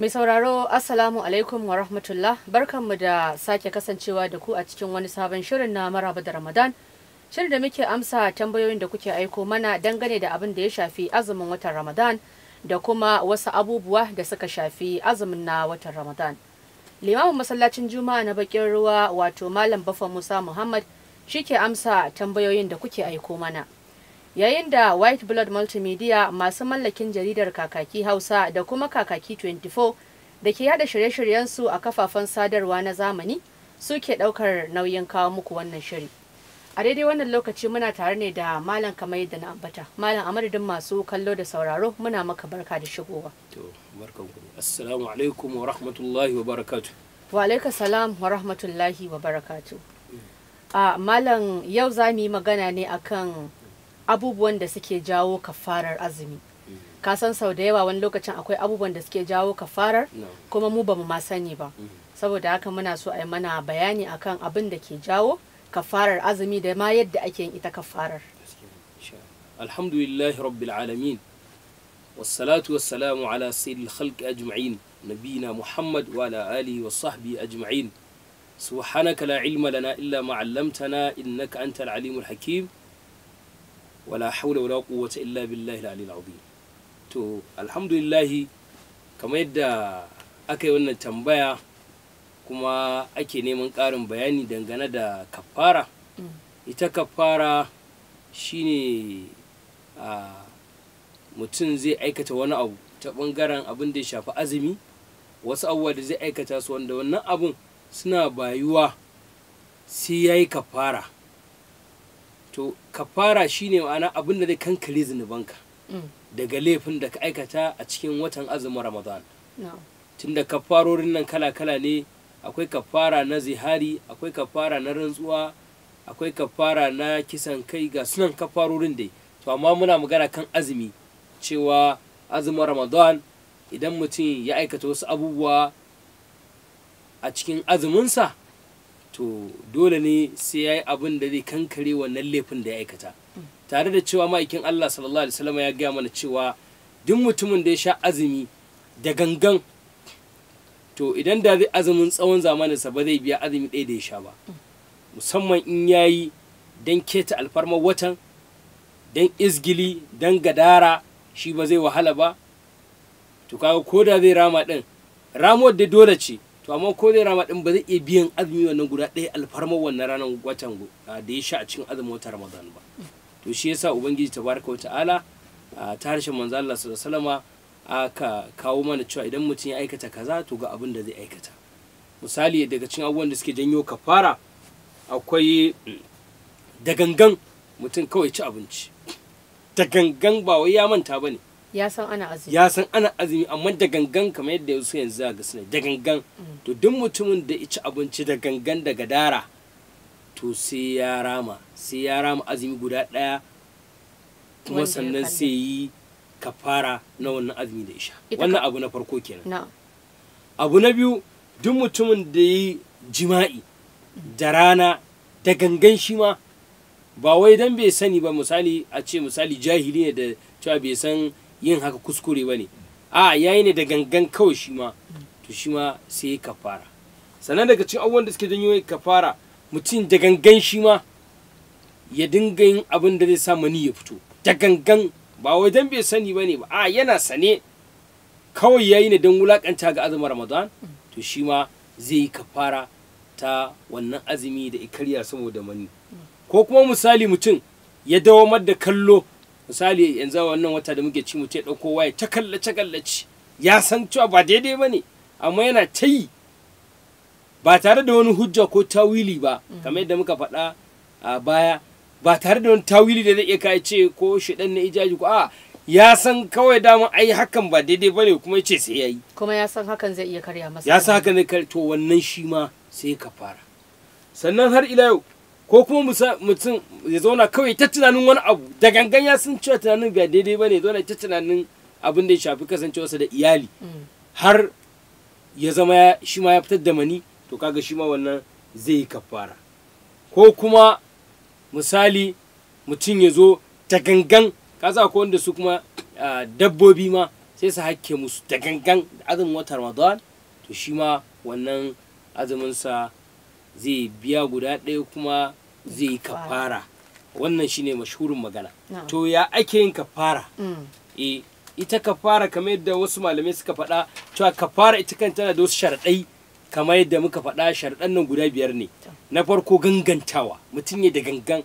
Mai sauraro Assalamu alaikum wa rahmatullah barkanmu da sake kasancewa da ku a cikin wani sabon shirin na maraba da Ramadan. Shirin da muke amsa tambayoyin da kuke aiko mana dangane da abin da ya shafi azumin watan Ramadan da kuma wasu abubuwa da suka shafi azumin na watan Ramadan. Limamin masallacin Juma'a na bakin ruwa wato Malam Bafa Musa Muhammad shi ke amsa tambayoyin da kuke aiko mana. yayin da white blood multimedia masu mallakin jaridar kakaki hausa da kuma kakaki 24 da ke yada shirye-shiryensu a kafafen sadarwa na zamani suke daukar nauyin kawo muku wannan shiri a daidai wannan lokaci muna tare ne da malam kamar yadda na ambata malam a madadin masu kallo da sauraro muna maka barka da shigowa assalamu alaikum wa rahmatullahi wa barakatu wa alaikum salam wa rahmatullahi wa barakatu mm. a ah, malam yau za mu yi magana ne akan abubuwan da suke jawo kafarar azumi mm. ka san sau da yawa wani lokacin akwai abubuwan da suke jawo kafarar kuma mu bamu ma sani ba mm. saboda haka muna so a yi mana bayani akan abin da ke jawo kafarar azumi da ma yadda ake yin ita kafarar alhamdulillahi rabbil alamin wassalatu wassalamu ala sayyidil khalqi ajma'in nabina muhammad wa ala alihi wa sahbihi ajma'in subhanaka la ilma lana illa ma 'allamtana innaka antal alimul hakim wala haula wala quwwata illa billahi al-aliyyil azim to alhamdulillah kamar yadda aka yi wannan tambaya kuma ake neman ƙarin bayani dangane da kafara mm. ita kafara shine a mutum zai aikata wani abu ta bangaren abin da ya shafi azumi wasu abubuwa da zai aikata su wanda wannan abun suna bayuwa sai ya yi kafara to kafara shine ma'ana abin da zai kankare zunubanka mm. daga laifin da ka aikata a cikin watan azumin ramadan tunda kafarorin nan kala-kala ne akwai kafara na zihari akwai kafara na rantsuwa akwai kafara na kisan kai ga sunan kafarorin dai to amma muna magana kan azumi cewa azumin ramadan idan mutum ya aikata wasu abubuwa a cikin azuminsa to dole ne sai ya yi abin da zai kankare wannan laifin da ya aikata tare da cewa ma'aikin Allah sallallahu alaihi wasallam ya gaya mana cewa duk mutumin da ya sha azumi da gangan to idan da zai azumin tsawon sa ba zai biya azumi ɗaya da ya sha ba musamman in yayi yi keta alfarmar watan dan izgili dan gadara shi ba zai wahala ba to kaga ko zai rama din ramuwar da dole ce to amma ko dai rama ba zai iya biyan azumi wannan guda ɗaya alfarmar wannan ranar watan ah, da ya sha a cikin azumin wata ramadan ba to shi yasa ubangiji tabaraka ala ah, ta harshen manzo Allah sallallahu alaihi wasallama aka kawo mana cewa idan mutum ya aikata kaza to ga abin da zai aikata misali daga cikin abubuwan da suke janyo kafara akwai mm, da mutum kawai ci abinci dagangan gangan ba wai ya manta bane ya san ana azumi ya san ana azumi amma da gangan kamar yadda yasu yanzu ga suna da gangan mm. to duk mutumin da ci abinci da gangan daga dara to sai ya rama sai ya rama azumi guda ɗaya kuma sannan sai yi kafara na wannan azumi da isha wannan abu na farko kenan abu na biyu duk mutumin da yi jima'i da rana da gangan shi ma ba wai dan bai sani ba misali a ce misali jahili ne da cewa bai san yin haka kuskure ba ne a yayi ne da gangan kawai shi ma to shi ma sai kafara sannan daga cikin abubuwan da suke janyo kafara mutum da gangan shi ma ya dinga yin abin da zai sa mani ya fito da gangan ba wai dan bai sani bane ba a yana sane kawai yayi ne dan wulakanta ga azumin Ramadan to shi ma zai yi kafara ta wannan azumi da ikariya saboda mani ko kuma misali mutum ya dawo da kallo misali yanzu wannan wata da muke ci mu ta dauko waye ta kallace kallace ya san cewa ba daidai bane amma yana ta yi ba tare da wani hujja ko tawili ba mm. kamar yadda muka faɗa a baya ba tare da wani tawili da zai iya kai ce ko shidan na ijaji ko a ya san kawai dama ai hakan ba daidai bane kuma yace sai ya yi kuma ya san hakan zai iya karya masa ya san hakan zai karto wannan shi ma sai ka fara sannan har ila yau ko kuma mutum ya zauna kawai ta tunanin wani abu da gangan ya sun cewa tunanin ga daidai ba ne zauna ta tunanin abin da ya shafi kasancewarsa da iyali mm. har ya zama shi ma ya fitar da mani to kaga shi ma wannan zai yi kafara ko kuma misali mutum ya zo ta gangan kaza ko wanda su kuma dabbobi ma sai su hakke musu da gangan da azumin watan ramadan to shi ma wannan azuminsa zai biya guda ɗaya kuma zai yi kafara wannan shine mashhurin magana to ya ake yin kafara eh ita kafara kamar yadda wasu malamai suka faɗa cewa kafara ita kan tana da wasu sharaɗai kamar yadda muka faɗa sharaɗan nan guda biyar ne na farko gangantawa mutum ne da gangan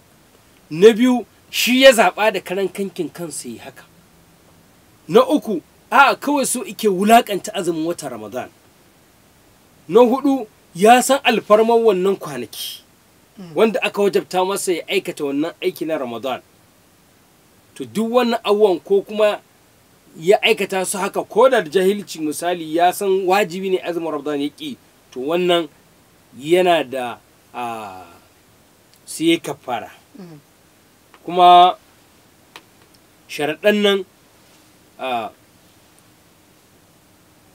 na biyu shi ya zaɓa da karan kankin kansa yi haka na uku a kawai so ike wulakanta azumin watan ramadan na hudu ya san alfarman wannan kwanaki wanda aka wajabta masa ya aikata wannan aiki na ramadan to duk wannan abubuwan ko kuma ya aikata su haka ko da jahilci misali ya san wajibi ne azumin ramadan ya to wannan yana da sai kafara mm. kuma sharaɗan nan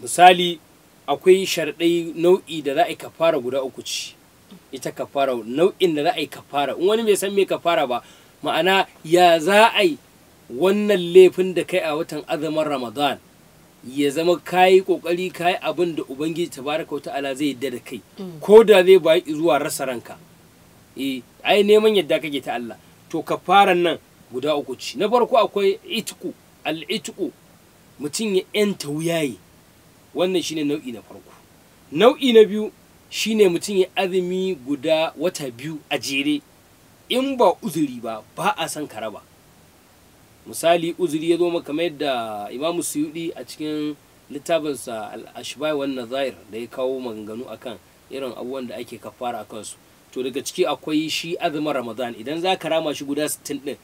misali akwai sharaɗai nau'i da za a kafara guda uku ci ita kafara nau'in da za a yi kafara in wani bai san me kafara ba ma'ana ya za a yi wannan laifin da kai a watan azumin ramadan ya zama kayi kokari kayi abin da ubangiji tabaraka wa ta'ala zai yadda da kai mm. ko da zai bayi zuwa rasa ranka eh ai neman yadda kake ta Allah to kafaran nan guda uku ci na farko akwai itku al mutum ya yanta wuyaye wannan shine nau'i na farko nau'i na biyu shine mutum ya azumi guda wata biyu a jere in ba uzuri ba ba a san ka raba misali uzuri ya zo maka kamar yadda imamu suyudi a cikin littafinsa al-ashbai wan da ya kawo maganganu akan irin abubuwan da ake kafara a kansu to daga ciki akwai shi azumin ramadan idan za ka rama shi guda 60 din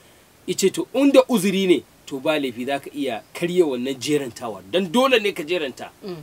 ice to inda uzuri ne to ba laifi za ka iya karya wannan jerantawa don dole ne ka jeranta mm.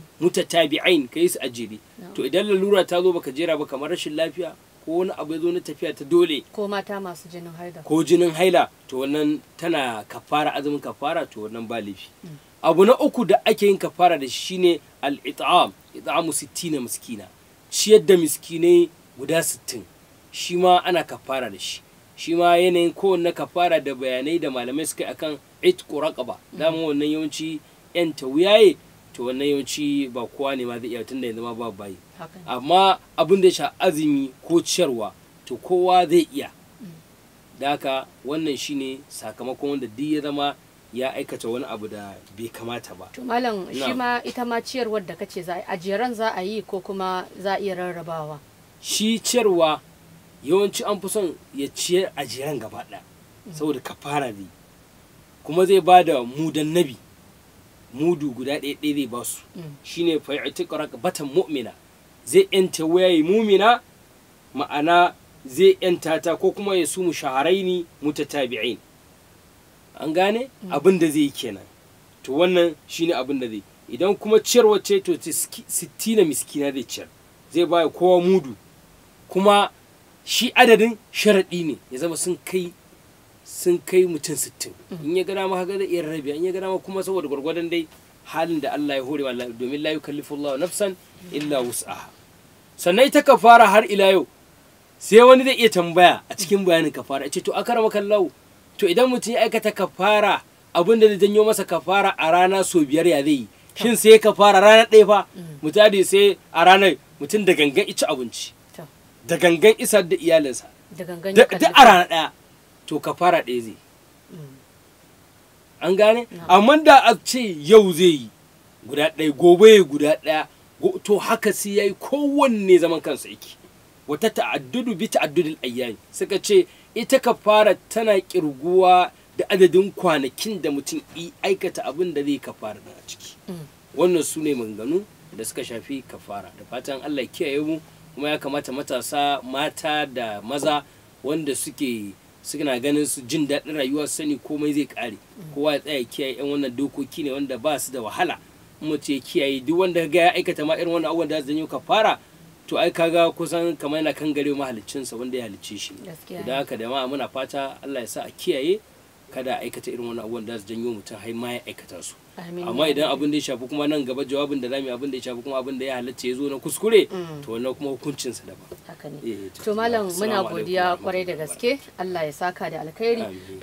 ain ka yi su ajiri to idan lalura ta zo baka jera ba kamar rashin lafiya ko wani abu ya zo na tafiya ta dole ko mata masu jinin haila ko jinin haila to wannan tana kafara azumin kafara to wannan ba laifi mm. abu na uku da ake yin kafara da shi ne al-it'am it'amu sittina miskina ciyar da miskinai guda sittin shi ma ana kafara da shi shi ma yanayin kowanne kafara da bayanai da malamai suka yi akan itqu raqaba dama wannan yawanci yan ta wuyaye to wannan yawanci ba kowa ne ma zai iya tunda yanzu ma ba bayi amma abin da sha azumi ko ciyarwa to kowa zai iya mm. da wannan shine sakamakon wanda duk ya zama ya aikata wani abu da bai kamata ba. To malam shi ma ita ma ciyarwar da kace za a jeran za a yi ko kuma za a iya rarrabawa. Shi ciyarwa yawanci an fi son ya ciyar a jeran gaba ɗaya saboda kafara ne. kuma zai ba da mudan nabi mudu guda ɗaya ɗaya zai ba su mm. shine fa'itika batan mu'mina zai yanta wayayi mumina ma'ana zai yanta ta ko kuma ya su mu shaharai mushaharaini mutatabi'in an gane mm. abin da zai yi kenan to wannan shi ne abin da zai idan kuma ciyar wacce to sittina miskina zai ciyar zai baya kowa mudu kuma shi adadin sharaɗi ne ya zama sun kai sun kai mutum sittin in ya gana ma haka zai iya rabi in ya gana ma kuma saboda gwargwadon dai halin da Allah ya hore wa domin la yukallifu Allah nafsan illa wus'aha sannan ita kafara har ila yau sai wani zai iya tambaya a cikin bayanin kafara ce to akarama kallahu to idan mutum ya aikata kafara abin da zai janyo masa kafara a rana so biyar ya zai yi shin sai kafara rana ɗaya fa mutane sai a ranar mutum da gangan ici abinci da gangan isar da iyalinsa da a rana ɗaya to kafara ɗaya zai mm. an gane amma da a ce yau zai yi guda ɗaya gobe guda ɗaya to haka sai ya yi kowanne zaman kansa yake wata ta'addudu bi ta'addudil ayyami suka ce ita ka fara tana kirguwa da adadin kwanakin da mutum i aikata abin da zai kafara da a ciki mm. wannan su ne maganganu da suka shafi kafara da fatan Allah kiyaye mu kuma ya kamata matasa mata da maza wanda suke suna ganin su jin daɗin rayuwa sani komai zai ƙare kowa ya tsaya kiyaye yan wannan dokoki ne wanda ba su da wahala kuma ya kiyaye duk wanda ga ya aikata ma irin wannan abubuwan da zan yi ka fara to ai kaga kusan kamar yana kan gare mahaliccinsa wanda ya halicce shi da haka da ma muna fata Allah ya sa a kiyaye kada a aikata irin wannan abubuwan da su janyo mutum har ma ya aikata su amma idan abin da ya shafi kuma nan gaba jawabin da zamu abin da ya shafi kuma abin da ya halatta ya zo na kuskure mm. to wannan kuma hukuncinsa daban ne eh, to malam muna godiya kwarai da gaske Allah ya saka da alkhairi